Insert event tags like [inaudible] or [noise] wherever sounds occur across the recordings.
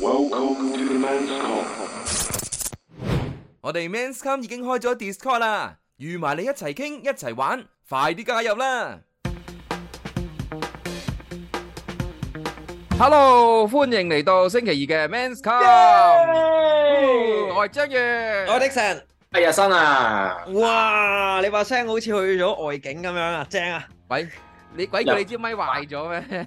Welcome to the Men's Come。我哋 Men's Come 已經開咗 Discord 啦，預埋你一齊傾一齊玩，快啲加入啦！Hello，歡迎嚟到星期二嘅 Men's Come。我係章魚，我係 Dixon，係日新啊！哇，你把聲好似去咗外景咁樣啊，正啊！喂。你鬼叫你支咪壞咗咩？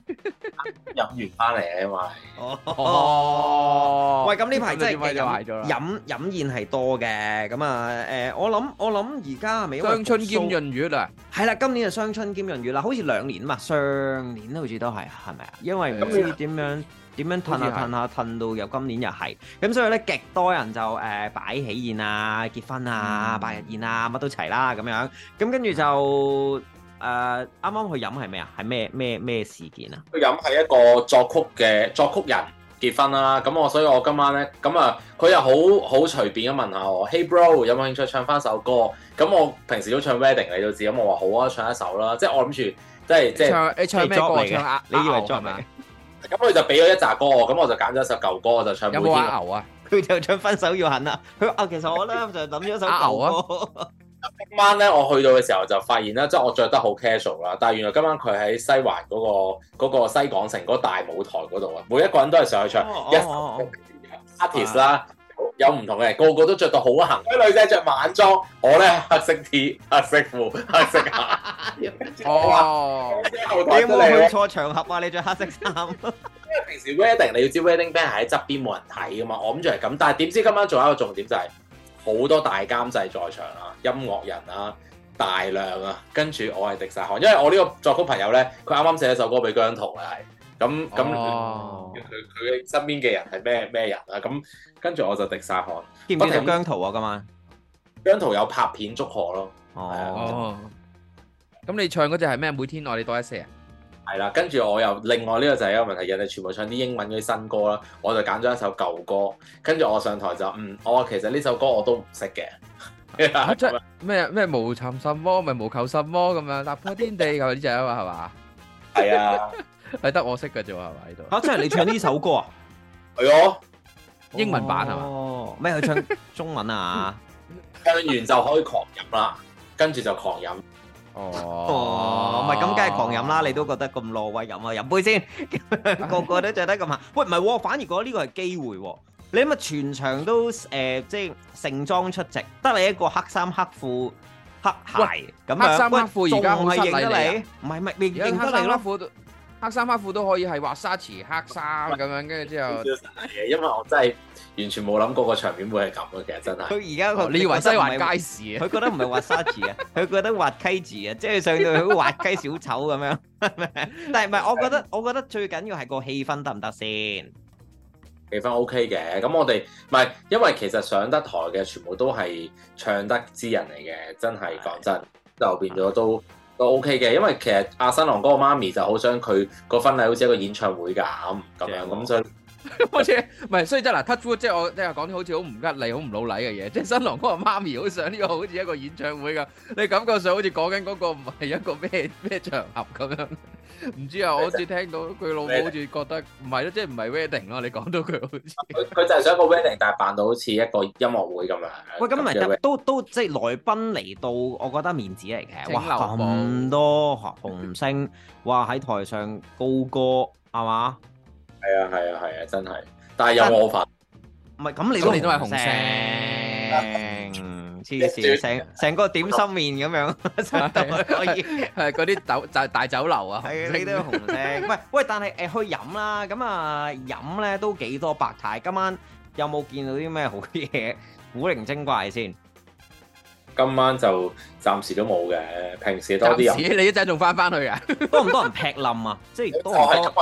飲完翻嚟啊嘛。哦，喂，咁呢排真係飲飲宴係多嘅，咁啊，誒，我諗我諗而家係咪有雙春兼潤月啊，係啦，今年就雙春兼潤月啦，好似兩年啊嘛，上年好似都係，係咪啊？因為唔知點樣點樣褪下褪下褪到又今年又係，咁所以咧極多人就誒擺喜宴啊、結婚啊、百日宴啊，乜都齊啦咁樣，咁跟住就。誒，啱啱佢飲係咩啊？係咩咩咩事件啊？去飲係一個作曲嘅作曲人結婚啦。咁我所以，我今晚咧咁啊，佢又好好隨便咁問下我，Hey bro，有冇興趣唱翻首歌？咁我平時都唱 Wedding，你都知，咁我話好啊，唱一首啦、就是。即係我諗住，即係即係唱你唱咩即歌嚟嘅？你以為作咩？咁佢就俾咗一扎歌，咁我就揀咗一首舊歌，我就唱。有冇阿牛啊？佢就唱分手要狠啊！佢啊，其實我咧就諗咗一首舊歌。 [laughs] 牛牛 [laughs] 今晚咧，我去到嘅時候就發現啦，即係我着得好 casual 啦。但係原來今晚佢喺西環嗰個嗰個西港城嗰大舞台嗰度啊，每一個人都係上去唱，有 artist 啦，有唔同嘅，個個都着到好行。啲女仔着晚裝，我咧黑色 T、黑色褲、黑色鞋。哦，點會去錯場合啊？你着黑色衫。 [laughs] 因為平時 wedding 你要知 wedding band 喺側邊冇人睇㗎嘛，我諗住係咁，但係點知今晚仲有一個重點就係、是。好多大監製在場啊，音樂人啊，大量啊，跟住我係滴曬汗，因為我呢個作曲朋友咧，佢啱啱寫一首歌俾姜圖嚟，咁咁佢佢身邊嘅人係咩咩人啊？咁跟住我就滴曬汗。見唔不見姜圖啊？今晚姜圖有拍片祝賀咯，哦，咁你唱嗰隻係咩？每天愛你多一些啊！係啦，跟住我又另外呢個就係一個問題，人哋全部唱啲英文嗰啲新歌啦，我就揀咗一首舊歌，跟住我上台就嗯，我話其實呢首歌我都唔識嘅。咩咩無尋什麼，咪無求什麼咁樣，踏破天地係咪呢隻啊嘛？係嘛？係啊，係得 [laughs] 我識嘅啫喎，係嘛？呢度嚇！即係你唱呢首歌啊？係咯、啊， [laughs] 英文版係嘛？咩、哦？佢嗎唱中文啊？唱 [laughs] 完就可以狂飲啦，跟住就狂飲。Oh，哦，唔係咁，梗係狂飲啦！你都覺得咁挪威飲啊？飲杯先， [laughs] 個個都着得咁下。 [laughs] 喂，唔係、哦，我反而覺得呢個係機會喎、哦。你諗下，全場都誒，即、呃、係、就是、盛裝出席，得你一個黑衫黑褲黑鞋咁，黑衫黑褲而家唔認得你，唔係唔係，咪認得你囉。黑衫黑褲都可以係滑沙池黑衫咁樣，跟住之後，因為我真係完全冇諗過個場面會係咁嘅，其實真係。佢而家你以為西環街市，佢覺得唔係滑沙池啊，佢覺得滑稽池啊，即係上到去滑稽小丑咁樣。但係唔係，我覺得我覺得最緊要係個氣氛得唔得先？氣氛 OK 嘅，咁我哋唔係，因為其實上得台嘅全部都係唱得之人嚟嘅，真係講真，就變咗都。都 OK 嘅，因為其實阿新郎嗰個媽咪就好想佢個婚禮好似一個演唱會㗎咁，咁樣咁所以。 [laughs] 好似唔係，所以、啊、touch wood, 即係嗱 t a t 即係我即係講啲好似好唔吉利、好唔老禮嘅嘢。即係新郎哥阿媽咪好想呢個，好似一個演唱會噶。你感覺上好似講緊嗰個唔係一個咩咩場合咁樣？唔知啊，我好似聽到佢老婆好似覺得唔係咯，即係唔係 wedding 咯。你講到佢好似佢就係想個 wedding，但係扮到好似一個音樂會咁樣。喂，咁咪都都即係、就是、來賓嚟到，我覺得面子嚟嘅。哇，咁多紅星哇喺台上高歌係嘛？係啊係啊係啊，真係！但係有我份，唔係咁你都你都係紅聲，黐線成成個點心麵咁樣，得唔可以？係嗰啲酒大大酒樓啊，你都係紅聲，唔係喂！但係誒去飲啦，咁啊飲咧都幾多百態。今晚有冇見到啲咩好啲嘢古靈精怪先？今晚就暫時都冇嘅，平時多啲飲。你一陣仲翻翻去啊？多唔多人劈冧啊？即係多唔多？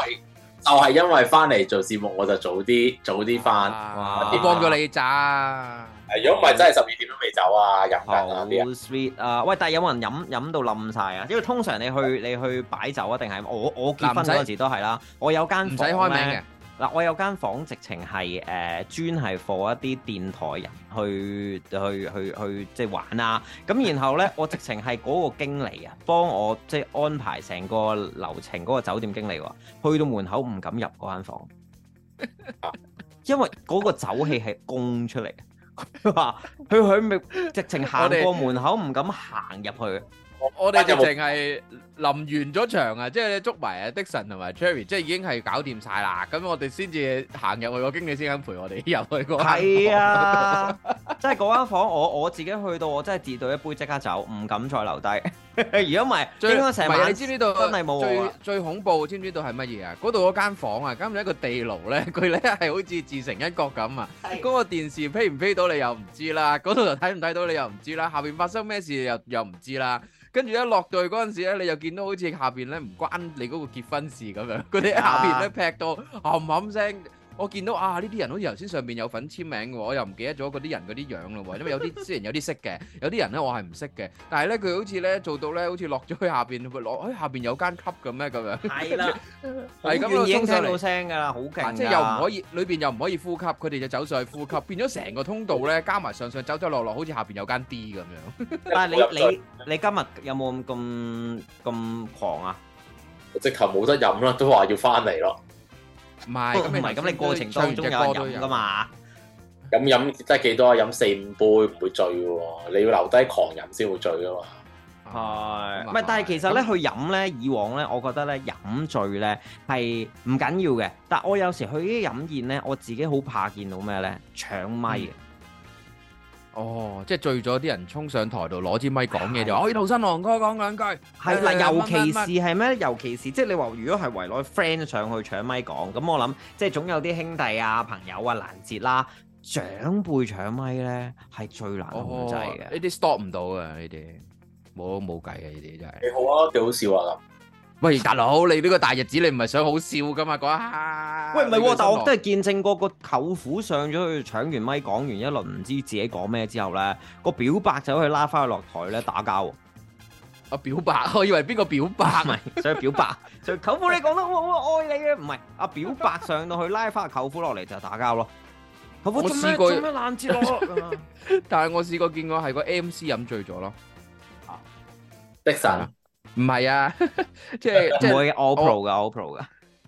就係因為翻嚟做節目，我就早啲早啲翻，哇，幫咗你咋？如果唔係真係十二點都未走啊，飲緊啊，好 sweet 啊！喂，但係有冇人飲飲到冧晒啊？因為通常你去的你去擺酒啊，定係我我結婚嗰陣時都係啦，我有間唔使開名嘅。嗱，我有間房直情係誒專係放一啲電台人去去去去即係玩啊！咁然後呢，我直情係嗰個經理啊，幫我即係安排成個流程嗰個酒店經理話，去到門口唔敢入嗰間房，因為嗰個酒氣係供出嚟，佢話佢佢未直情行過門口，唔敢行入去。我哋直情係臨完咗場啊， [laughs] 即係捉埋啊 Dickson 同埋 Cherry，即係已經係搞掂晒啦。咁我哋先至行入去個經理先咁陪我哋入去個。係啊，即係嗰間房，我我自己去到我真係跌到一杯即刻走，唔敢再留低。如果唔係，驚我成晚。唔係你知呢真係冇最最恐怖，知唔知道係乜嘢啊？嗰度嗰間房啊，咁咪一個地牢咧。佢咧係好似自成一角咁啊。嗰是個電視飛唔飛到你又唔知啦，嗰度又睇唔睇到你又唔知啦，下邊發生咩事又又唔知啦。跟住一落到嗰時咧，你就見到好似下面咧唔關你嗰個結婚事咁樣，嗰 [laughs] 啲下邊咧劈到冚冚聲。我見到啊，呢啲人好似頭先上邊有份簽名嘅喎，我又唔記得咗嗰啲人嗰啲樣嘞喎，因為有啲雖然有啲識嘅，有啲人咧我係唔識嘅，但係咧佢好似咧做到咧，好似落咗去下邊，會攞，哎下邊有間級嘅咩咁樣？係啦很遠，係咁咯。已經聽到聲噶啦，好勁。即係又唔可以，裏邊又唔可以呼吸，佢哋就走上去呼吸，變咗成個通道咧，加埋上上，上，上走走落落，好似下邊有間 D 咁樣。但係你、嗯、你你今日有冇咁咁狂啊？我即刻冇得飲啦，都話要翻嚟咯。唔係，咁你過程當中有飲噶嘛？咁飲得幾多啊？飲四五杯唔會醉喎，你要留低狂飲先會醉噶嘛。係，唔係？但係其實咧，那去飲咧，以往咧，我覺得咧，飲醉咧係唔緊要嘅。但係我有時去啲飲宴咧，我自己好怕見到咩咧，搶麥。嗯哦，即係醉咗啲人衝上台度攞支咪講嘢就，可以同新郎哥講兩句，係嗱的的，尤其是係咩，尤其是即係你話如果係圍內 friend 上去搶咪講，咁我諗即係總有啲兄弟啊、朋友啊攔截啦，長輩搶咪咧係最難控制嘅，呢啲 stop 唔到啊，呢啲冇、冇計嘅，呢啲真係。幾好啊，幾好笑啊！喂，大佬，你呢個大日子你唔係想好笑噶嘛？講，喂，唔係，但我都係見證過個舅父上咗去搶完咪講完一輪，唔知自己講咩之後咧，個表白就去拉翻佢落台咧打交。阿表白，我以為邊個表白？唔係，想表白，所以舅父你講得好，好愛你嘅，唔係阿表白上到去拉翻舅父落嚟就打交咯。舅父做咩做咩攬住我？但係我試過見過係個 MC 飲醉咗咯。啊，逼散啊！唔係啊， [laughs] 就是、即係即係 all pro 噶 all pro 噶，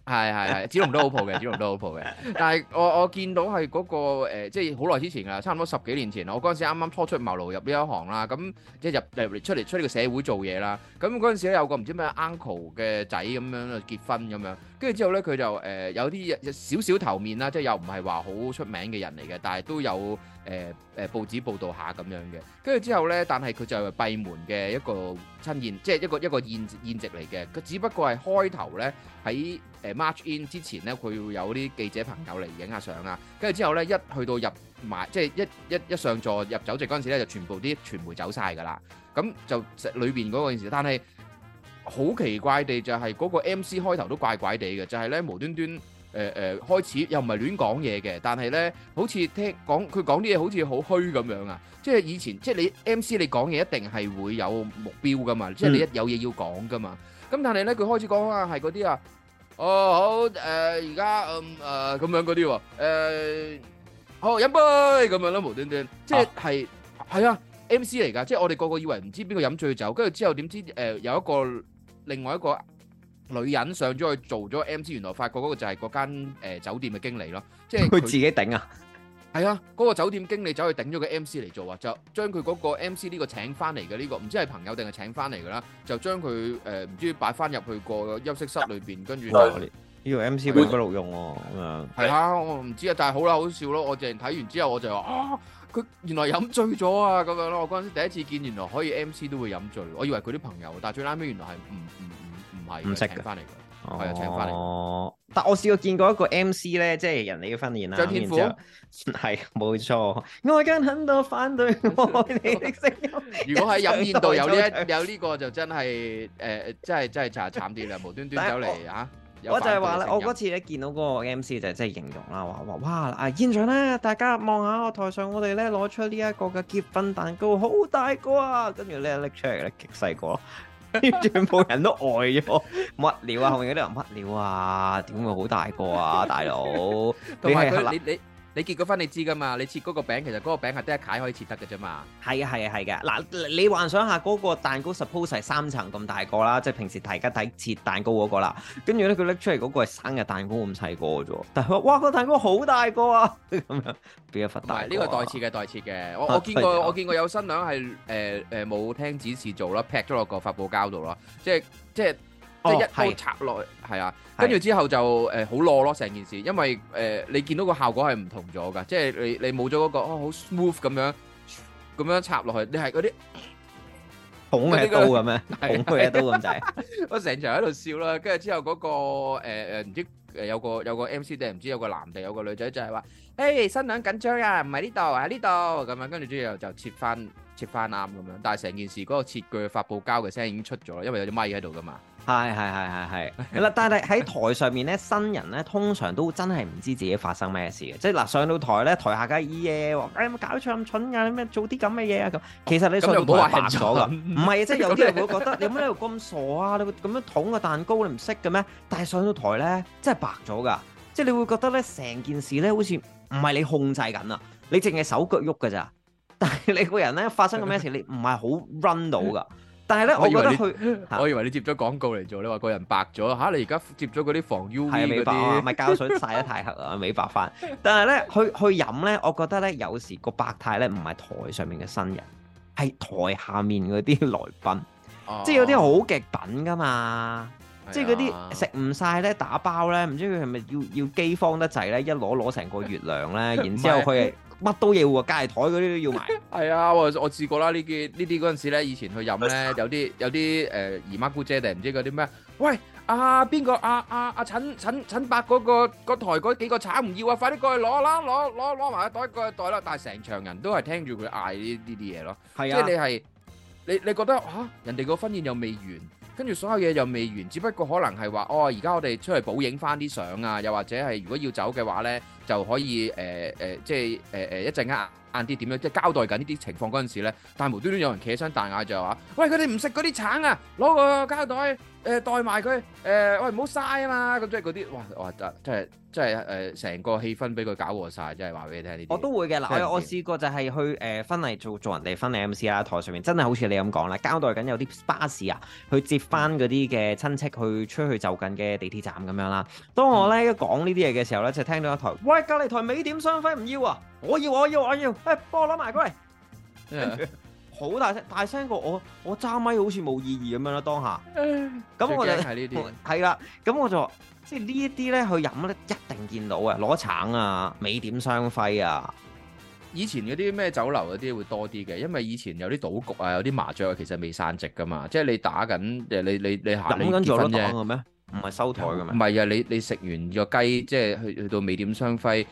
係係係，子龍 [laughs] 都 all pro 嘅，子龍都 all pro 嘅。但係我我見到係嗰、那個誒、呃，即係好耐之前啦，差唔多十幾年前我嗰陣時啱啱初出茅廬入呢一行啦，咁即係入入出嚟出呢個社會做嘢啦。咁嗰陣時咧有個唔知咩 uncle 嘅仔咁樣啊結婚咁樣，跟住之後咧佢就誒、呃、有啲少少頭面啦，即係又唔係話好出名嘅人嚟嘅，但係都有。誒誒、呃呃、報紙報導下咁樣嘅，跟住之後呢，但係佢就係閉門嘅一個親宴，即係一個一個宴宴席嚟嘅。佢只不過係開頭呢，喺誒 March in 之前呢，佢會有啲記者朋友嚟影下相啊。跟住之後呢，一去到入埋即係一一一上座入酒席嗰陣時呢，就全部啲傳媒走晒㗎啦。咁就實裏邊嗰個陣時，但係好奇怪地就係嗰個 MC 開頭都怪怪地嘅，就係、係、呢無端端，端。誒誒、開始又唔係亂講嘢嘅，但係咧，好似聽講佢講啲嘢好似好虛咁樣啊！即係以前即係你 MC 你講嘢一定係會有目標㗎嘛，即係你一有嘢要講㗎嘛。咁但係咧，佢開始講啊係嗰啲啊哦好誒而家嗯誒咁樣嗰啲喎誒好飲杯咁樣啦，無端端即係係啊 MC 嚟㗎，即係我哋個個以為唔知邊個飲醉酒，跟住之後點知誒有一個另外一個。女人上咗去做咗 M C，原來發覺嗰個就係嗰間誒酒店嘅經理咯，即係佢自己頂啊，係啊，嗰個酒店經理走去頂咗個 M C 嚟做啊，就將佢嗰個 M C 呢個請翻嚟嘅呢個，唔知係朋友定係請翻嚟噶啦，就將佢誒唔知擺翻入去個休息室裏邊，跟住呢個 M C 永不錄用喎，咁樣係啊，我唔知啊，但係好啦，好笑咯，我淨係睇完之後我就話啊，佢原來飲醉咗啊，咁樣咯，我嗰陣時第一次見，原來可以 M C 都會飲醉，我以為佢啲朋友，但係最拉尾原來係唔唔唔。唔識嘅，翻嚟嘅，係啊，請翻嚟。哦、啊，但我試過見過一個 MC 咧，即係人哋嘅婚宴啦，張天賦，係冇錯。外間很多反對我哋嘅聲音。 [laughs] [laughs] 如果喺飲宴度有呢 [laughs] 有呢個，就真係誒、呃，真係真係慘慘啲啦，無端端走嚟嚇。我，我就係話咧，我嗰次咧見到嗰個 MC 就係即係形容啦，話話哇啊現場咧，大家望下我台上，我哋咧攞出呢一個嘅結婚蛋糕，好大個啊，跟住咧拎出嚟咧，極細個。 [laughs] 全部人都呆咗，乜料啊？後面嗰啲人乜料啊？點會好大個啊？大佬， [laughs] 他你啦你。你你結過婚你知噶嘛？你切嗰個餅其實嗰個餅係得一塊可以切得嘅啫嘛。係啊係啊係嘅。嗱，你幻想下嗰個蛋糕 suppose 係三層咁大個啦，即係平時大家睇切蛋糕嗰個啦。跟住咧佢拎出嚟嗰個係生日蛋糕咁細個啫喎。但係話哇個蛋糕好大個啊咁樣，邊一忽大啊？呢個代切嘅代切嘅。我我見過 [laughs] 我見過有新娘係誒誒冇聽指示做啦，劈咗落個發泡膠度啦，即係即係。即係即係一刀插落去，係啊，跟住之後就誒好攞咯成件事，因為誒你見到個效果係唔同咗噶，即係你你冇咗嗰個好 smooth 咁樣，咁樣插落去，你係嗰啲孔嘅刀咁咩？孔嘅刀咁就係我成場喺度笑啦，跟住之後嗰個誒誒唔知誒有個有個 MC 定唔知有個男定有個女仔就係話：誒新娘緊張啊，唔係呢度，喺呢度咁啊！跟住之後就切翻切翻啱咁樣，但係成件事嗰個切鋸發泡膠嘅聲已經出咗啦，因為有啲咪喺度噶嘛。係係係係係啦！但係喺台上面咧， [laughs] 新人咧通常都真係唔知自己發生咩事嘅，即係嗱上到台咧，台下梗係耶喎！梗有冇搞錯咁蠢啊？你咩做啲咁嘅嘢啊？咁、啊、其實你上到台白咗噶，唔係即係有啲人會覺得你乜呢度咁傻啊？你咁樣捅個蛋糕你唔識嘅咩？但係上到台咧真係白咗噶，即係你會覺得咧成件事咧好似唔係你控制緊啊！你淨係手腳喐噶咋？但係你個人咧發生個咩事，你唔係好 run 到噶。 [laughs] 但係咧，我覺得佢，去我以為你接咗廣告嚟做，你話個人白咗嚇、啊？你而家接咗嗰啲防 UV 係美白啊，咪膠水曬得太黑啊，美 [laughs] 白翻。但係咧，去去飲咧，我覺得咧，有時個白太咧，唔係台上面嘅新人，係台下面嗰啲來賓，啊、即係有啲好極品噶嘛，啊、即係嗰啲食唔晒咧，打包咧，唔知佢係咪要要饑荒得滯咧，一攞攞成個月糧咧， [laughs] 然之後佢。 [laughs] 乜都要喎，隔台嗰啲都要埋。係 [laughs] 啊，我我試過啦，呢啲呢啲嗰陣時咧，以前去飲咧， [laughs] 有啲有啲誒、呃、姨媽姑姐定唔知嗰啲咩？喂，啊，邊個啊，啊，阿、啊、陳陳陳伯嗰、那個個台嗰幾個橙唔要啊，快啲過去攞啦、啊，攞攞攞埋個袋過去袋啦、啊，但係成場人都係聽住佢嗌呢呢啲嘢咯。係啊， [laughs] 即係你係你你覺得嚇、啊、人哋個婚宴又未完。跟住所有嘢又未完，只不過可能係話哦，而家我哋出去補影翻啲相啊，又或者係如果要走嘅話咧，就可以誒誒，即係誒誒一陣間晏啲點樣即係交代緊呢啲情況嗰陣時咧，但係無端端有人企起身大嗌就話：「喂，佢哋唔食嗰啲橙啊，攞個膠袋！誒、呃、代埋佢，誒、呃、喂唔好嘥啊嘛，咁即係嗰啲，哇哇得，即係真係誒成個氣氛俾佢搞和晒，即係話俾你聽呢啲。我都會嘅嗱，我我試過就係去誒婚禮做做人哋婚禮 MC 啦，台上面真係好似你咁講啦，交代緊有啲巴士 a 啊，去接翻嗰啲嘅親戚去出去就近嘅地鐵站咁樣啦。當我咧一講呢啲嘢嘅時候咧，就聽到一台，喂隔離台美點雙輝唔要啊，我要我要我要，誒幫我攞埋佢嚟。 [laughs] [laughs] 好大聲，大聲過我，我揸咪好似冇意義咁樣啦。當下，咁我就係啦。咁我，我就話，即係呢一啲咧，去飲咧一定見到嘅，攞橙啊，美點雙輝啊。以前嗰啲咩酒樓嗰啲會多啲嘅，因為以前有啲賭局啊，有啲麻雀、啊、其實未散席噶嘛。即係你打緊，你你你行，你跟住分咩？唔係收台嘅咩？唔係啊，你你食完個雞，即係去去到美點雙輝。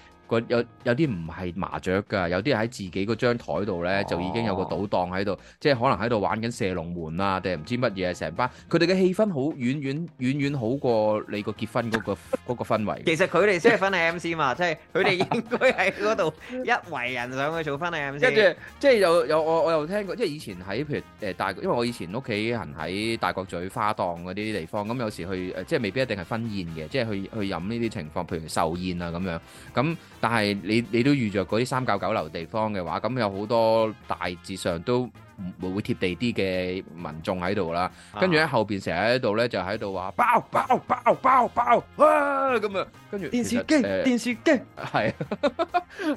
有有啲唔係麻雀㗎，有啲喺自己嗰張台度咧就已經有個賭檔喺度，哦、即係可能喺度玩緊射龍門啊，定唔知乜嘢成班，佢哋嘅氣氛好遠遠遠遠好過你個結婚嗰、嗰個嗰 [laughs] 個氛圍。其實佢哋先係婚禮 MC 嘛， [laughs] 即係佢哋應該喺嗰度一圍人上去做婚禮 MC。跟住 [laughs] 即係有有我我又聽過，即係以前喺譬如誒大，因為我以前屋企人喺大角咀花檔嗰啲地方，咁有時去即係未必一定係婚宴嘅，即係去去飲呢啲情況，譬如壽宴啊咁樣咁。但係你你都遇著嗰啲三教九流地方嘅話，咁有好多大致上都會貼地啲嘅民眾喺度啦。跟住喺後邊成日喺度咧，就喺度話爆爆爆爆爆哇咁啊！跟住電視機電視機係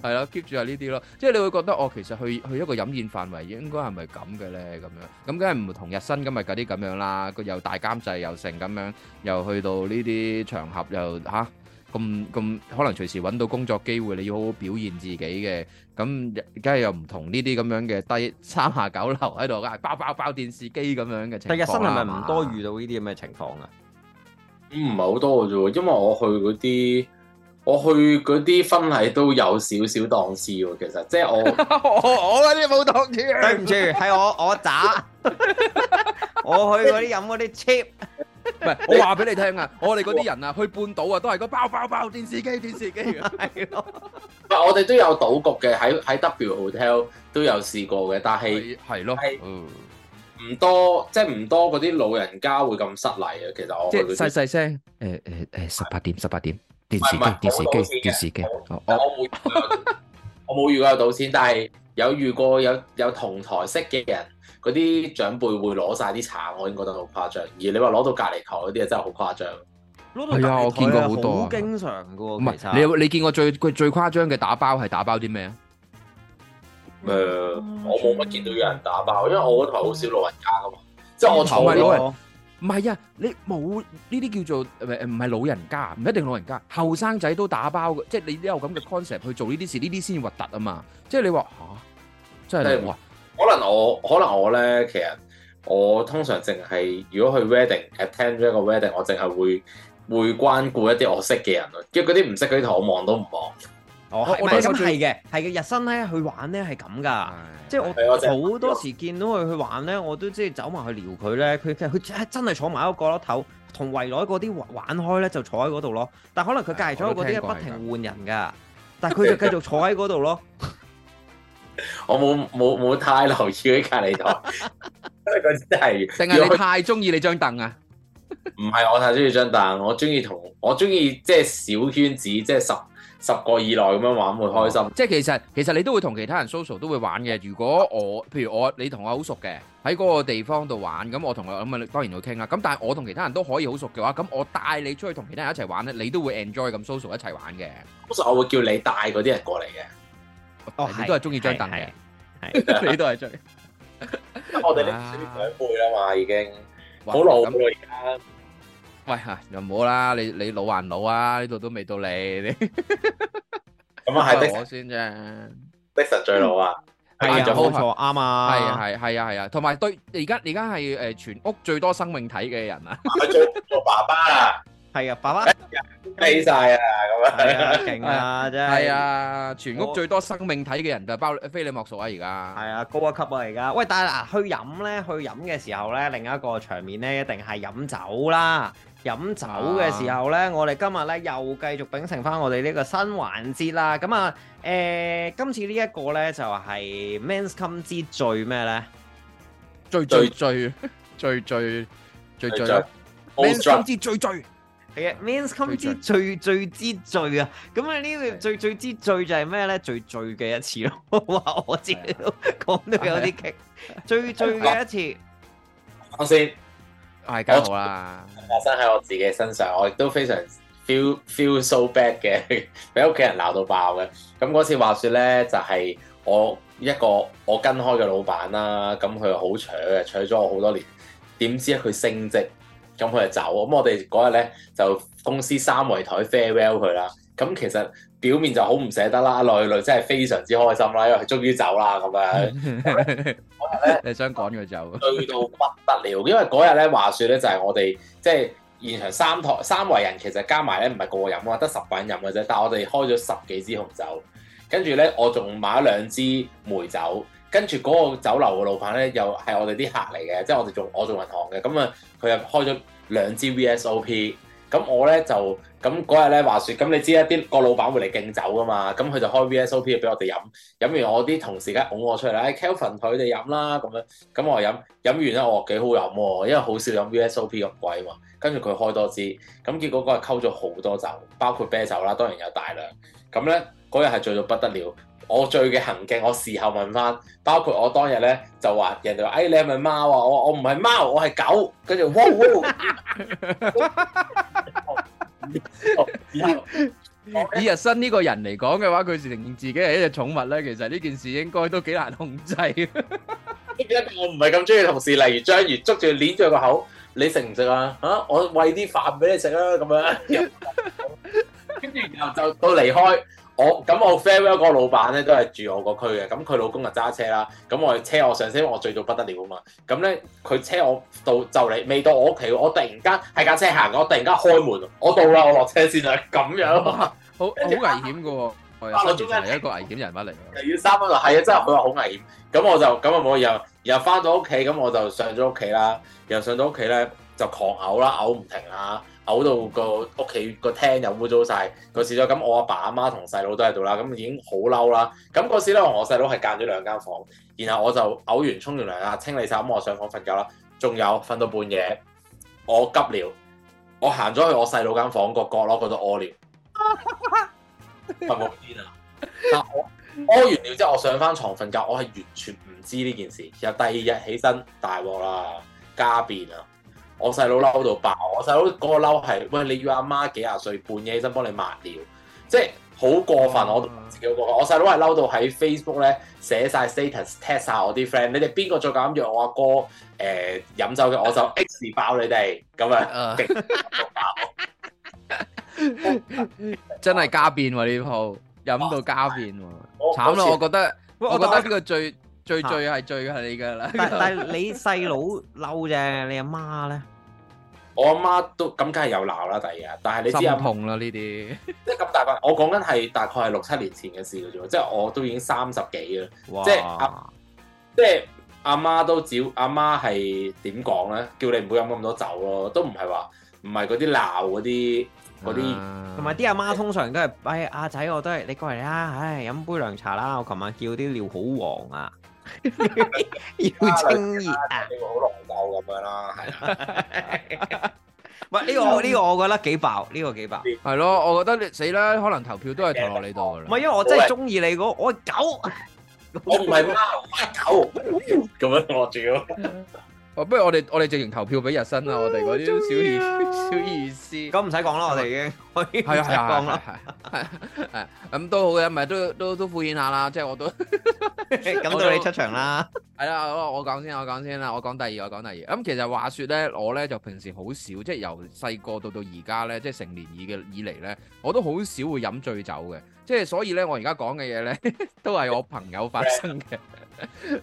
係啦，keep 住係呢啲咯。即係你會覺得哦，其實去去一個飲宴範圍應該係咪咁嘅咧？咁樣咁梗係唔同日新今日，嗰啲咁樣啦。佢又大監製又盛咁樣，又去到呢啲場合又嚇。咁咁可能隨時揾到工作機會，你要好好表現自己嘅。咁梗係又唔同呢啲咁樣嘅低三下九樓喺度，爆爆爆電視機咁樣嘅情，情況。第日新係咪唔多遇到呢啲咁嘅情況啊？唔係好多嘅啫，因為我去嗰啲。我去嗰啲婚禮都有少少檔次喎，其實即係我我我嗰啲冇檔次，對唔住係我我渣，我去嗰啲飲嗰啲 cheap，唔係我話俾你聽啊，我哋嗰啲人啊去半島啊都係個包包包電視機電視機嘅，係咯，唔係我哋都有賭局嘅，喺喺 W Hotel 都有試過嘅，但係，係咯，係唔多即係唔多嗰啲老人家會咁失禮啊，其實我即係細細聲，誒誒誒十八點十八點。唔係唔係，電視機嘅，我冇，我冇遇過有賭錢，但係有遇過有有同台識嘅人，嗰啲長輩會攞晒啲茶，我已經覺得好誇張。而你話攞到隔離台嗰啲，真係好誇張。攞到隔離台係啊，我見過好多，好經常噶、啊。唔係，你有你見過最最最誇張嘅打包係打包啲咩啊？誒、嗯，我冇乜見到有人打包，因為我嗰台好少老人家噶嘛，即係我頭位咯。人唔係啊！你冇呢啲叫做誒唔係老人家，唔一定老人家，後生仔都打包嘅，即係你都有咁嘅 concept 去做呢啲事，呢啲先核突啊嘛！即係你話吓？即係你話，可能我可能我咧，其實我通常淨係如果去 wedding attend 咗一個 wedding，我淨係會會關顧一啲我識嘅人咯，跟嗰啲唔識嗰啲同我望都唔望。哦，唔係咁係嘅，係嘅、就是嗯。日新咧去玩咧係咁噶，即係我好多時見到佢去玩咧，我都即係走埋去撩佢咧。佢佢真係坐埋喺個角落頭，同圍內嗰啲玩開咧就坐喺嗰度咯。但可能佢隔離咗嗰啲不停換人噶，但係佢就繼續坐喺嗰度咯。我冇冇冇太留意佢隔離度，因為嗰啲真係。定係你太中意你張凳啊？唔係我太中意張凳，我中意同我中意即係小圈子，即係十。十個以內咁樣玩，會開心。即係其實其實你都會同其他人 social 都會玩嘅。如果我，譬如我你同我好熟嘅，喺嗰個地方度玩，咁我同佢咁啊當然會傾啦。咁但係我同其他人都可以好熟嘅話，咁我帶你出去同其他人一齊玩咧，你都會 enjoy 咁 social 一齊玩嘅。其實我會叫你帶嗰啲人過嚟嘅。你都係中意張凳嘅，你都係最。我哋啲小輩啦嘛，已經好老嘅啦，而家。喂吓，又唔好啦！你你老還老啊？呢度都未到你，咁我係我先啫。的神最老啊！係啊，冇錯，啱啊，係係係啊係啊，同埋對而家而家係誒全屋最多生命體嘅人啊！我爸爸啊，係啊，爸爸飛晒啊，咁啊，勁啊，真係係啊！全屋最多生命體嘅人就係包非你莫屬啊！而家係啊，高一級啊！而家喂，但係啊去飲咧，去飲嘅時候咧，另一個場面咧，一定係飲酒啦。飲酒嘅時候咧，我哋今日咧又繼續秉承翻我哋呢個新環節啦。咁啊，誒，今次呢一個咧就係 men’s come 之最咩咧？最最最最最最最最最 men’s come 之最最係啊！men’s come 之最最之最啊！咁啊呢個最最之最就係咩咧？最醉嘅一次咯。哇！我知，講得有啲激，最醉嘅一次。等先。大家好啊！發生喺我自己身上，我亦都非常 feel feel so bad 嘅，俾屋企人鬧到爆嘅。咁嗰次話説咧，就係我一個我跟開嘅老闆啦，咁佢好搶嘅，搶咗我好多年。點知咧，佢升職，咁佢就走。咁我哋嗰日咧就公司三圍枱 farewell 佢啦。咁其實～表面就好唔捨得啦，內裏真係非常之開心啦，因為佢終於走啦咁樣。嗰日咧，你想趕佢走，醉到不得了。因為嗰日咧話説咧，就係我哋即係現場三台三圍人，其實加埋咧唔係個個飲啊，得十個人飲嘅啫。但係我哋開咗十幾支紅酒，跟住咧我仲買咗兩支梅酒，跟住嗰個酒樓嘅老闆咧又係我哋啲客嚟嘅，即係我哋仲我做銀行嘅，咁啊佢又開咗兩支 V S O P。咁我咧就咁嗰日咧話説，咁你知一啲個老闆會嚟敬酒噶嘛，咁佢就開 V S O P 俾我哋飲，飲完，我啲同事梗係拱我出嚟啦，Kevin 佢哋飲啦，咁樣，咁我飲飲完咧，我幾好飲喎，因為好少飲 V S O P 咁貴啊嘛，跟住佢開多支，咁結果嗰日溝咗好多酒，包括啤酒啦，當然有大量，咁咧嗰日係醉到不得了。我醉嘅行徑，我事後問翻，包括我當日咧就話，人哋話，哎，你係咪貓啊？我我唔係貓，我係狗。跟住，哇！哇哇 [laughs] 以日新呢個人嚟講嘅話，佢承認自己係一隻寵物咧。其實呢件事應該都幾難控制。我唔係咁中意同事，例如章魚捉住捏住個口，你食唔食啊？吓、啊，我餵啲飯俾你食啊，咁樣。跟住然後就到離開。我咁我 farewell 個老闆咧都係住我個區嘅，咁佢老公就揸車啦，咁我車我上車，因為我醉到不得了啊嘛，咁咧佢車我到就嚟未到我屋企，我突然間係架車行，我突然間開門，我到啦，我落車先啦，咁樣，好好危險嘅喎，我仲係一個危險人物嚟，要、嗯、三分鐘，係啊真係佢話好危險，咁、啊、我就咁啊冇，然後然後翻到屋企，咁我就上咗屋企啦，然後上到屋企咧就狂嘔啦，嘔唔停啊！嘔到個屋企個廳又污糟晒，佢試咗咁我阿爸阿媽同細佬都喺度啦，咁已經好嬲啦。咁嗰時咧我同細佬係間咗兩間房，然後我就嘔完沖完涼啊，清理晒，咁我上房瞓覺啦。仲有瞓到半夜，我急尿，我行咗去我細佬間房個角落嗰度屙尿，瞓冇癲啊！我屙完尿之後，我上翻床瞓覺，我係完全唔知呢件事。然後第二日起身大鑊啦，家變啊！我細佬嬲到爆，我細佬嗰個嬲係喂你要阿媽幾廿歲半夜起身幫你抹尿，即係好過分，我自己講過。我細佬係嬲到喺 Facebook 咧寫晒 status test 曬我啲 friend，你哋邊個再敢約我阿哥誒飲酒嘅，我就 X 爆你哋咁啊！真係家變喎呢鋪，飲到家變喎，慘啦！我覺得我覺得呢個最最最係醉係你㗎啦。但係你細佬嬲啫，你阿媽咧？我阿媽都咁梗係有鬧啦，第二日，但係你知阿痛啦呢啲，即係咁大個，我講緊係大概係六七年前嘅事嘅啫，即係我都已經三十幾啦，即係即係阿媽都照阿、啊、媽係點講咧，叫你唔好飲咁多酒咯，都唔係話唔係嗰啲鬧嗰啲啲，同埋啲阿媽通常都係，喂、就是，阿、哎啊、仔我都係你過嚟啦，唉飲杯涼茶啦，我琴晚叫啲尿好黃啊。要清熱啊！呢個好狼狗咁樣啦，係啦。唔係呢個呢個，我覺得幾爆，呢個幾爆。係咯，我覺得你死啦，可能投票都係投落你度嘅。唔係，因為我真係中意你，我我狗，我唔係貓，我係狗。咁樣我住。哦，不如我哋我哋直情投票俾日新啦，我哋嗰啲小意思、oh, like、小意思，咁唔使講啦，我哋已經可以唔使講啦，係係咁都好嘅，係咪都都都敷衍下啦，即係我都，咁 [laughs] 到你出場啦，係啦，我我講先，我講先啦，我講第二，我講第二，咁、嗯、其實話説咧，我咧就平時好少，即、就、係、是、由細個到到而家咧，即、就、係、是、成年以嘅以嚟咧，我都好少會飲醉酒嘅，即係所以咧，我而家講嘅嘢咧， [laughs] 都係我朋友發生嘅。 [laughs]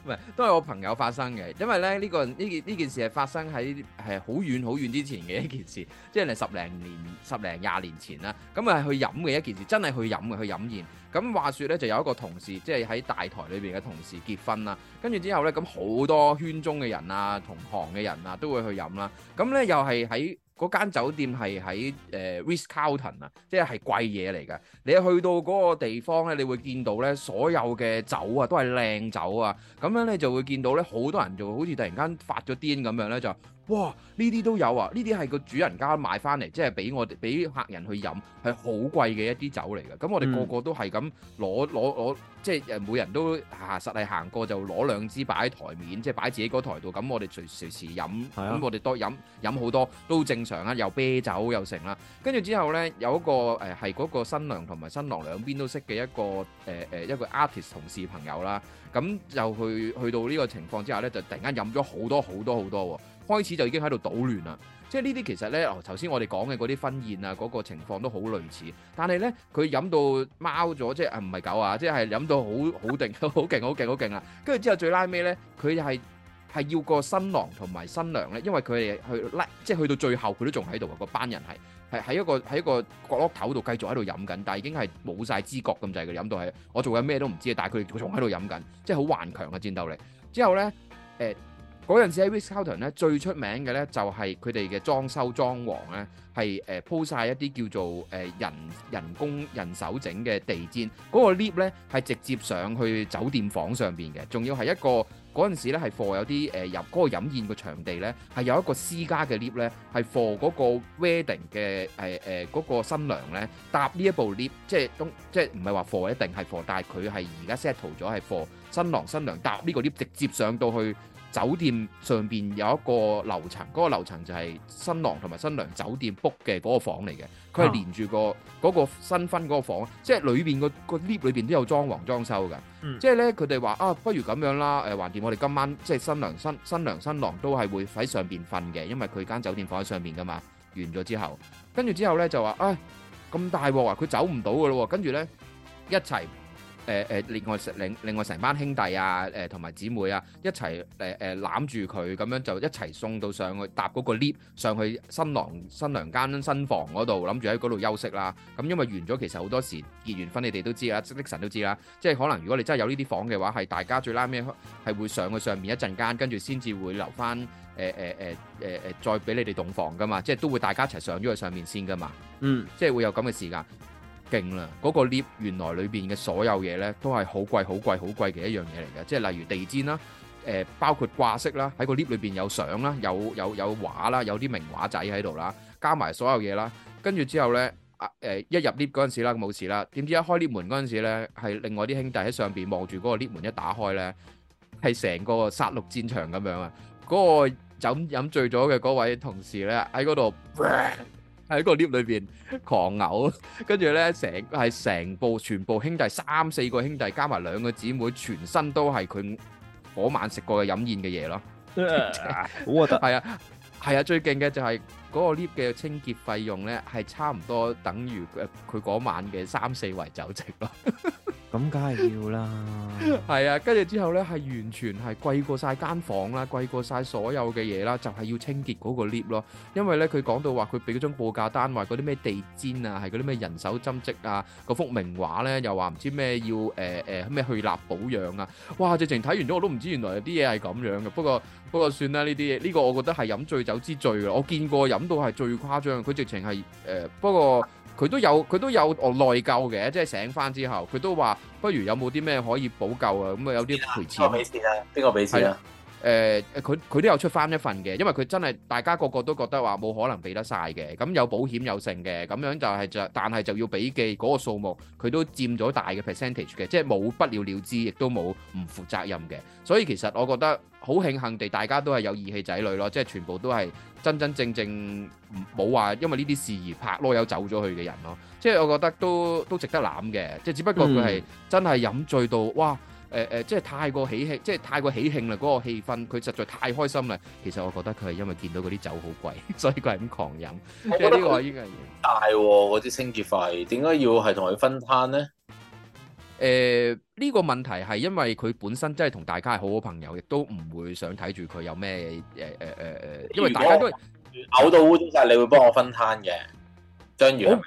唔係， [laughs] 都係我朋友發生嘅，因為咧呢、這個呢件呢件事係發生喺係好遠好遠之前嘅一件事，即係十零年十零廿年前啦。咁啊去飲嘅一件事，真係去飲嘅去飲宴。咁話説咧，就有一個同事，即係喺大台裏邊嘅同事結婚啦，跟住之後咧，咁好多圈中嘅人啊，同行嘅人啊，都會去飲啦。咁咧又係喺。嗰間酒店係喺誒 Ritz-Carlton 啊，即係係貴嘢嚟嘅。你去到嗰個地方，你會見到咧所有嘅酒啊，都係靚酒啊。咁樣咧就會見到咧好多人就好似突然間發咗癲咁樣咧就。哇！呢啲都有啊，呢啲係個主人家買翻嚟，即係俾我哋俾客人去飲，係好貴嘅一啲酒嚟嘅。咁我哋個、個個都係咁攞攞攞，即係每人都嚇、啊、實係行過就攞兩支擺喺台面，即係擺自己個台度。咁我哋隨時飲，咁、嗯、我哋多飲飲好多都正常啊。又啤酒又成啦。跟住之後呢，有一個誒係嗰個新娘同埋新郎兩邊都識嘅一個誒誒、呃、一個 artist 同事朋友啦。咁就去去到呢個情況之下呢，就突然間飲咗好多好多好多喎。開始就已經喺度搗亂啦，即係呢啲其實咧，頭、哦、先我哋講嘅嗰啲婚宴啊，嗰、嗰個情況都好類似。但係咧，佢飲到貓咗，即係唔係狗啊？即係飲到好好勁、好勁、好勁、好勁啊。跟住之後最拉尾咧，佢係係要個新郎同埋新娘咧，因為佢哋去拉，即係去到最後佢都仲喺度。個班人係係喺一個喺一個角落頭度繼續喺度飲緊，但係已經係冇晒知覺咁滯，佢飲到係我做緊咩都唔知，但係佢哋仲喺度飲緊，即係好頑強嘅、啊、戰鬥力。之後咧，誒、呃。嗰陣時喺 Wishcotton 咧最出名嘅咧就係佢哋嘅裝修裝潢咧係誒鋪晒一啲叫做誒人人工人手整嘅地氈嗰個 lift 咧係直接上去酒店房上邊嘅，仲要係一個嗰陣時咧係 for 有啲誒入嗰個飲宴嘅場地咧係有一個私家嘅 lift 咧係 for 嗰個 wedding 嘅誒誒嗰個新娘咧搭呢一部 lift 即係即係唔係話 for 一定係 for，但係佢係而家 set up 咗係 for 新郎新娘搭呢個 lift 直接上到去。酒店上邊有一個樓層，嗰、那個樓層就係新郎同埋新娘酒店 book 嘅嗰個房嚟嘅，佢係連住、那個嗰、那個新婚嗰個房，即係裏邊個個 lift 裏邊都有裝潢裝修㗎。嗯、即係咧，佢哋話啊，不如咁樣啦，誒、呃，橫掂我哋今晚即係新娘新新娘新郎都係會喺上邊瞓嘅，因為佢間酒店房喺上邊㗎嘛。完咗之後，跟住之後咧就話，唉、哎，咁大鑊喎，佢走唔到㗎咯喎，跟住咧一齊。誒誒、呃，另外成另外成班兄弟啊，誒同埋姊妹啊，一齊誒誒攬住佢咁樣就一齊送到上去搭嗰個 lift 上去新郎新娘間新房嗰度，諗住喺嗰度休息啦。咁、嗯、因為完咗，其實好多時結完婚，你哋都知啦，識的神都知啦。即係可能如果你真係有呢啲房嘅話，係大家最拉尾係會上去上面一陣間，跟住先至會留翻誒誒誒誒誒，再俾你哋洞房噶嘛。即係都會大家一齊上咗去上面先噶嘛。嗯，即係會有咁嘅時間。勁啦！嗰個 lift 原來裏邊嘅所有嘢咧，都係好貴、好貴、好貴嘅一樣嘢嚟嘅。即係例如地氈啦，誒包括掛飾啦，喺個 lift 裏邊有相啦，有有有畫啦，有啲名畫仔喺度啦，加埋所有嘢啦。跟住之後咧，誒一入 lift 嗰陣時啦，冇事啦。點知一開 lift 門嗰陣時咧，係另外啲兄弟喺上邊望住嗰個 lift 門一打開咧，係成個殺戮戰場咁樣啊！嗰個飲飲醉咗嘅嗰位同事咧，喺嗰度。喺個 lift 裏邊狂嘔，跟住咧，成係成部全部兄弟，三四個兄弟加埋兩個姊妹，全身都係佢嗰晚食過嘅飲宴嘅嘢咯。好核突！係 [laughs] 啊，係啊，最勁嘅就係嗰個 lift 嘅清潔費用咧，係差唔多等於佢嗰晚嘅三四圍酒席咯。 [laughs] 咁梗係要啦，係啊，跟住之後咧，係完全係貴過晒間房啦，貴過晒所有嘅嘢啦，就係要清潔嗰個 lift 咯。因為咧，佢講到話，佢俾嗰張報價單話嗰啲咩地氈啊，係嗰啲咩人手針織啊，嗰幅名畫咧又話唔知咩要誒誒咩去立保養啊。哇！直情睇完咗我都唔知原來啲嘢係咁樣嘅。不過不過算啦，呢啲嘢呢個我覺得係飲醉酒之醉啦。我見過飲到係最誇張，佢直情係誒不過。佢都有，佢都有哦內疚嘅，即係醒翻之後，佢都話不如有冇啲咩可以補救啊？咁啊有啲賠錢，攞咩錢啊？邊個俾錢？係啊，誒佢佢都有出翻一份嘅，因為佢真係大家個個都覺得話冇可能俾得晒嘅，咁有保險有剩嘅，咁樣就係、是、就但係就要俾記嗰個數目，佢都佔咗大嘅 percentage 嘅，即係冇不了了之，亦都冇唔負責任嘅，所以其實我覺得。好慶幸地，大家都係有義氣仔女咯，即係全部都係真真正正冇話因為呢啲事而拍攞有走咗去嘅人咯。即係我覺得都都值得攬嘅，即係只不過佢係真係飲醉到，哇！誒、呃、誒，即係太過喜慶，即係太過喜慶啦！嗰、嗰個氣氛，佢實在太開心啦。其實我覺得佢係因為見到嗰啲酒好貴，所以佢係咁狂飲。即係呢個係應該大喎、哦，嗰啲清潔費點解要係同佢分攤呢？誒呢，呃這個問題係因為佢本身真係同大家係好好朋友，亦都唔會想睇住佢有咩，誒誒誒誒，因為大家都嘔到污糟曬，你會幫我分攤嘅。章魚，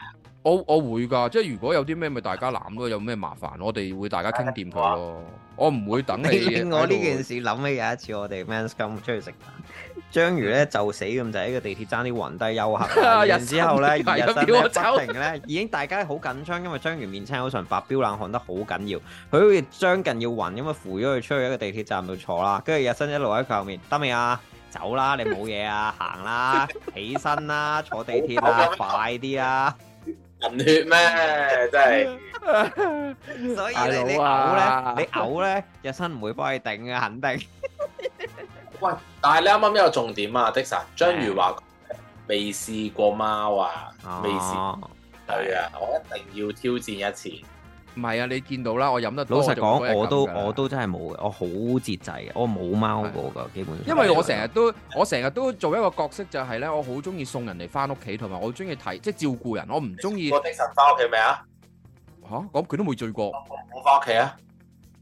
我我會㗎，即係如果有啲咩咪大家攬咯，有咩麻煩我哋會大家傾掂佢咯，嗯、我唔會等你。你我呢件事諗起有一次我哋 Men's Come 出去食飯。 [laughs] 章魚咧就死咁就喺個地鐵站啲暈低休閑，然之後咧日新決定咧，已經大家好緊張，因為章魚面青好長，發飆冷汗得好緊要，佢好似將近要暈，咁啊扶咗佢出去一個地鐵站度坐啦，跟住日新一路喺佢後面得未啊？走啦，你冇嘢啊，行啦，起身啦，坐地鐵啦，快啲啊！人血咩？真係，所以你嘔咧，你嘔咧，日新唔會幫你頂啊，肯定。喂，但係你啱啱一個重點啊的神章魚話未試過貓啊，未試，係啊，我一定要挑戰一次。唔係啊，你見到啦，我飲得。老實講，我都我都真係冇嘅，我好節制嘅，我冇貓過噶，基本。因為我成日都，我成日都做一個角色，就係咧，我好中意送人嚟翻屋企，同埋我中意睇，即係照顧人，我唔中意。我的神翻屋企未啊？吓，噉佢都冇醉過。我翻屋企啊！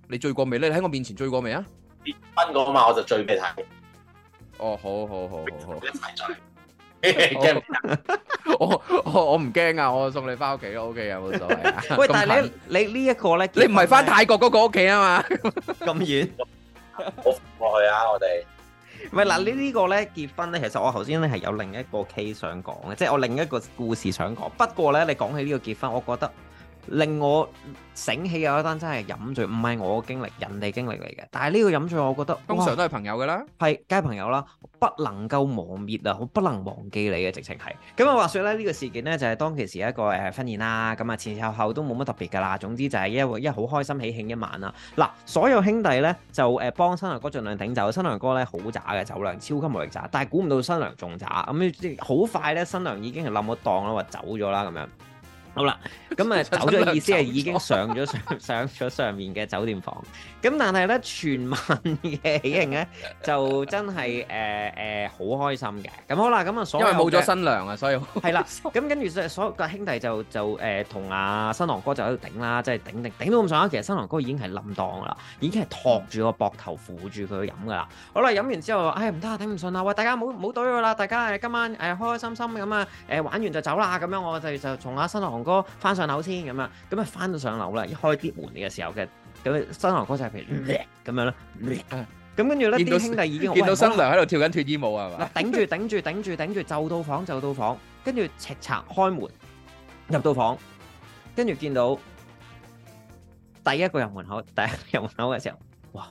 你醉過未咧？你喺我面前醉過未啊？結婚嗰嘛，我就最未睇。哦，好好好好好，一齊醉。我我我唔驚啊，我送你翻屋企咯，OK 啊，冇所謂。喂，但係你你呢一個咧，你唔係翻泰國嗰個屋企啊嘛？咁遠，好過去啊，我哋。唔係嗱，呢呢個咧結婚咧，其實我頭先咧係有另一個 case 想講嘅，即係我另一個故事想講。不過咧，你講起呢個結婚，我覺得。令我醒起有一單真係飲醉，唔係我嘅經歷，人哋經歷嚟嘅。但係呢個飲醉，我覺得通常都係朋友嘅啦，係皆係朋友啦，不能夠磨滅啊，我不能忘記你嘅，直情係。咁啊話說咧，呢、呢個事件呢，就係、係、當其時一個誒婚宴啦。咁啊前前後後都冇乜特別噶啦，總之就係因為好開心喜慶一晚啦。嗱，所有兄弟呢，就誒幫新郎哥盡量頂酒，新郎哥呢，好渣嘅，酒量超級無力渣，但係估唔到新娘仲渣。咁好快呢，新娘已經係冧咗檔啦，話走咗啦咁樣。好啦，咁啊走咗，意思係已經上咗上上咗上面嘅酒店房。咁但係咧，全民嘅喜慶咧就真係誒誒好開心嘅。咁好啦，咁啊所因為冇咗新娘啊，所以係啦。咁跟住所有個兄弟就就誒同阿新郎哥就喺度頂啦，即係頂頂頂到咁上下。其實新郎哥已經係冧檔啦，已經係托住個膊頭扶住佢去飲噶啦。好啦，飲完之後，哎唔得啊，頂唔順啦，喂大家冇冇對我啦，大家今晚誒開開心心咁啊誒玩完就走啦咁樣，我哋就從阿新郎哥。翻上樓先咁啊，咁啊翻到上樓咧，一開啲門嘅時候嘅，咁新郎哥仔譬如叻咁樣啦，叻啊，咁跟住咧啲兄弟已經見到新娘喺度喂來跳緊脫衣舞啊嘛，頂、嗯、住頂 [laughs] 住頂住頂住就到房就到房，跟住赤賊開門入到房，跟住見到第一個人門口，第一個入門口嘅時候，哇，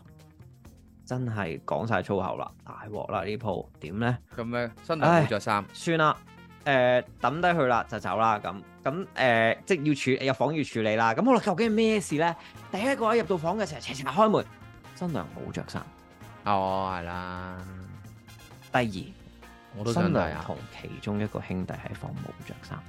真係講晒粗口啦，大鑊啦呢鋪，點咧？咁咧，新娘冇着衫，算啦，誒、呃，抌低佢啦，就走啦咁。咁誒，即係要處有房要處理啦。咁好啦，究竟係咩事咧？第一個入到房嘅時候，斜斜埋開門，新娘冇著衫。哦，係啦。第二，新娘同其中一個兄弟喺房冇著衫。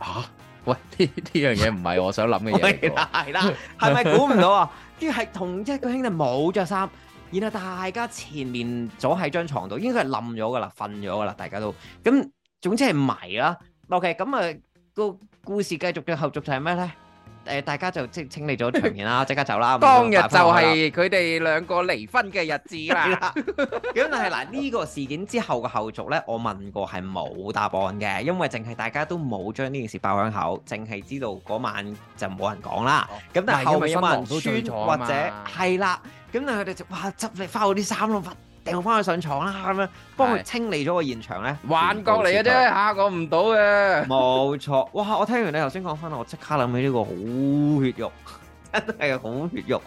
嚇！喂，呢呢樣嘢唔係我想諗嘅嘢嚟。係啦，係咪估唔到啊？跟住係同一個兄弟冇著衫，然後大家前面坐喺張牀度，應該係冧咗噶啦，瞓咗噶啦，大家都咁總之係迷啦。OK，咁啊。個故事繼續嘅後續就係咩咧？誒，大家就即清理咗場面啦，即刻走啦。當日就係佢哋兩個離婚嘅日子啦。咁但係嗱呢個事件之後嘅後續咧，我問過係冇答案嘅，因為淨係大家都冇將呢件事爆響口，淨係知道嗰晚就冇人講啦。咁但係後尾或者係啦，咁但係佢哋就哇執你翻我啲衫咯，乜？掟翻去上床啦咁樣，幫佢清理咗個現場咧，幻覺嚟嘅啫嚇，過唔到嘅。冇錯，哇！我聽完你頭先講翻我即刻諗起呢個好血肉，真係好血肉。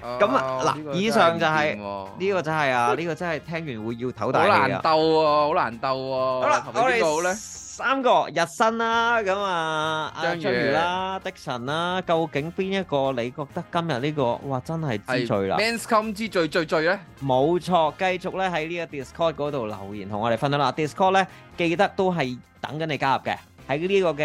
咁啊嗱，以上就係呢個真係啊，呢個真係聽完會要唞大氣啊，好難鬥喎，好難鬥喎。好啦，頭先呢個好咧。三個日新啦、啊，咁啊章魚啦，的神啦，究竟邊一個你覺得今日呢、這個哇，真係之最啦！Men's Come 之最最最咧，冇錯，繼續咧喺呢個 Discord 嗰度留言同我哋分享啦。Discord 咧記得都係等緊你加入嘅，喺呢個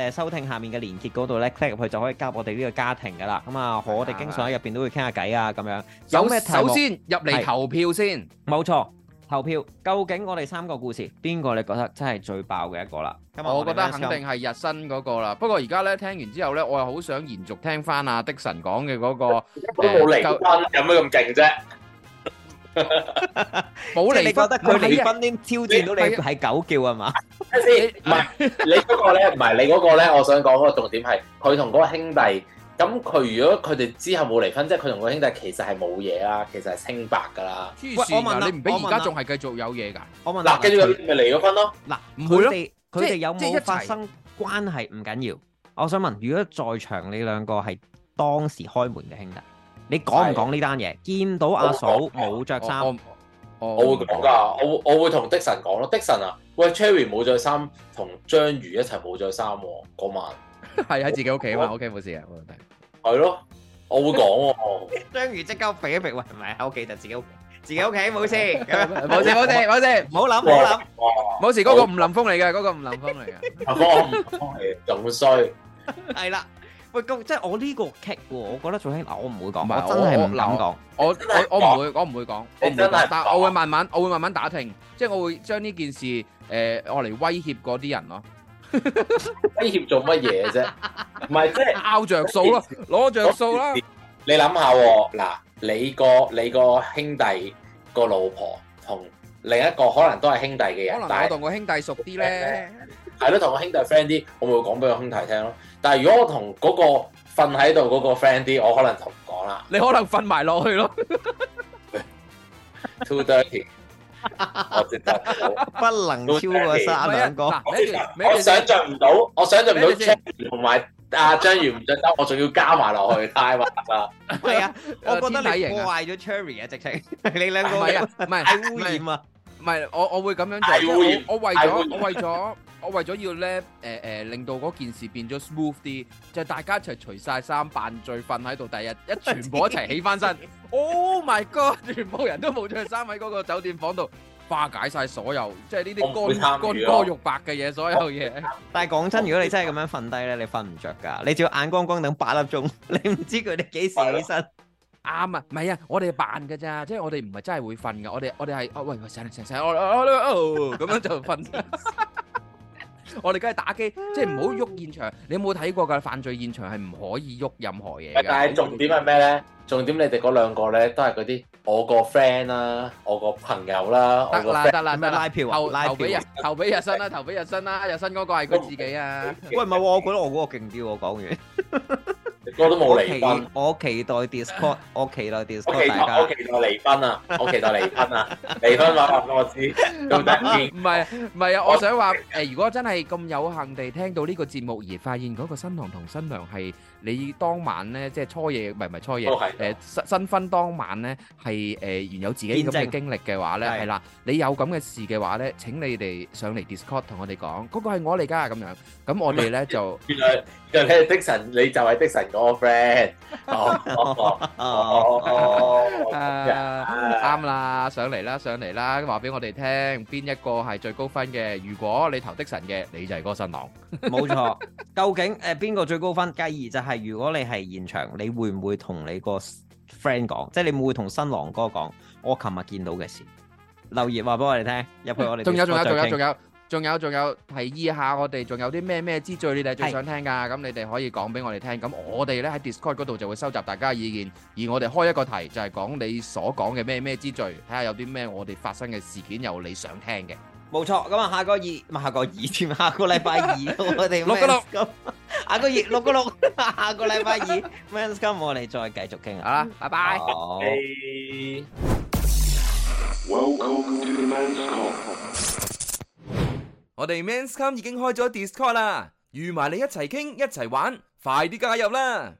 嘅誒收聽下面嘅連結嗰度咧 click 入去就可以加入我哋呢個家庭噶啦。咁啊，我哋經常喺入邊都會傾下偈啊，咁樣。有咩首先入嚟投票先？冇錯。投票，究竟我哋三個故事邊個你覺得真係最爆嘅一個啦？我覺得肯定係日新嗰個啦。不過而家咧聽完之後咧，我又好想延續聽翻阿的神講嘅嗰個。都冇離婚，有咩咁勁啫？冇你覺得佢離婚呢？挑戰到你係狗叫啊嘛？等先，唔係你嗰個咧，唔係你嗰個咧。我想講個重點係，佢同嗰個兄弟。咁佢如果佢哋之後冇離婚，即係佢同個兄弟其實係冇嘢啦，其實係清白㗎啦。喂，我問你唔俾而家仲係繼續有嘢㗎？我問嗱，繼續咪離咗婚咯？嗱，唔會咯。佢哋有冇發生關係唔緊要。我想問，如果在場你兩個係當時開門嘅兄弟，你講唔講呢單嘢？見到阿嫂冇著衫，我會講㗎。我會我會同的神講咯。的神啊，喂，Cherry 冇著衫，同章魚一齊冇著衫嗰晚，係喺自己屋企嘛？OK，冇事嘅，冇問題。係咯，我會講。章魚即刻肥一肥，喂，唔係喺屋企就自己屋企，自己屋企冇事，冇事冇事冇事，唔好諗，唔好諗，冇事嗰個吳林峰嚟嘅，嗰個吳林峰嚟嘅。阿哥，吳林峰係仲衰。係啦，喂，咁即係我呢個 case，我覺得仲輕。嗱，我唔會講，我真係唔會講。我我我唔會，我唔會講，我唔會，但我會慢慢，我會慢慢打聽，即係我會將呢件事誒，我嚟威脅嗰啲人咯。威脅做乜嘢啫？唔係即係拗著數咯，攞著數啦。你諗下，嗱，你個你個兄弟個老婆同另一個可能都係兄弟嘅人，但係我同個兄弟熟啲咧，係咯，同個兄弟 friend 啲，我會講俾個兄弟聽咯。但係如果我同嗰個瞓喺度嗰個 friend 啲，我可能就唔講啦。你可能瞓埋落去咯。Too dirty。我值得，不能超過三兩個。我想象唔到，我想象唔到 Cherry 同埋阿章魚唔再得，我仲要加埋落去，太核突啦！係啊，我覺得你破壞咗 Cherry 啊，直情你兩個唔係唔係污染啊！唔係，我我會咁樣做。哎哎、我，我為咗、哎、呦我為咗我為咗要咧誒誒，令到嗰件事變咗 smooth 啲，就係、大家一齊除晒衫，扮醉瞓喺度。第日一全部一齊起翻身。Oh、哎呦哦、my god！全部人都冇着衫喺嗰個酒店房度化解晒所有，即係呢啲乾乾乾肉白嘅嘢，所有嘢。但係講真，如果你真係咁樣瞓低咧，你瞓唔着㗎。你仲要眼光光等八粒鐘，你唔知佢哋幾時起身。啱啊，唔係啊，我哋扮嘅咋，即係我哋唔係真係會瞓嘅，我哋我哋係，哦喂喂，醒醒醒，哦哦哦，咁樣就瞓。我哋梗係打機，即係唔好喐現場。你有冇睇過噶，犯罪現場係唔可以喐任何嘢。但係重點係咩咧？重點你哋嗰兩個咧，都係嗰啲我個 friend 啦，我個朋友啦，我個 friend。得啦得啦，咩拉票啊？投投俾日新啦，投俾日新啦，日新嗰個係佢自己啊。喂，唔係，我覺得我嗰個勁啲，我講完。我都冇離婚，我期待 Discord，我期待 Discord，大家我期待離婚啊！我期待離婚啊！離婚話話俾我知，得唔得？唔係唔係啊！我想話誒，如果真係咁有幸地聽到呢個節目而發現嗰個新郎同新娘係你當晚咧，即係初夜，唔係唔係初夜，誒新新婚當晚咧係誒原有自己咁嘅經歷嘅話咧，係啦，你有咁嘅事嘅話咧，請你哋上嚟 Discord 同我哋講，嗰個係我嚟㗎咁樣，咁我哋咧就原來原來的神你就係的神。我 friend，啱啦，上嚟啦，上嚟啦，話俾我哋聽，邊一個係最高分嘅。如果你投的神嘅，你就係嗰個新郎。冇錯，究竟誒邊個最高分？繼而就係如果你係現場，你會唔會同你個 friend 講？即係你會唔會同新郎哥講我琴日見到嘅事？留言話俾我哋聽，入去我哋。仲有，仲有，仲有，仲有。仲有仲有，提議下我哋仲有啲咩咩之最，你哋最想聽噶？咁你哋可以講俾我哋聽。咁我哋咧喺 Discord 嗰度就會收集大家嘅意見，而我哋開一個題，就係講你所講嘅咩咩之最，睇下有啲咩我哋發生嘅事件有你想聽嘅。冇錯，咁啊下個二，唔係下個二添，下個禮拜二，我哋六個六，下個月六個六，下個禮拜二，Men’s Come 我哋再繼續傾啊！拜拜。好。Welcome to Men’s Come。我哋 Men's Come 已經開咗 Discord 啦，預埋你一齊傾一齊玩，快啲加入啦！